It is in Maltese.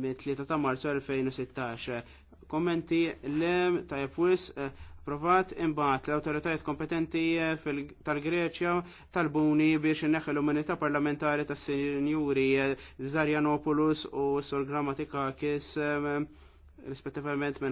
mit-3 ta' marzu 2016. Kommenti l-em ta' jepwis eh, provat imbat l-autoritajiet kompetenti eh, tal-Greċja tal-Buni biex inneħħel l umanita parlamentari tas senjuri eh, Zarjanopoulos u Sol Grammatikakis rispettivament minn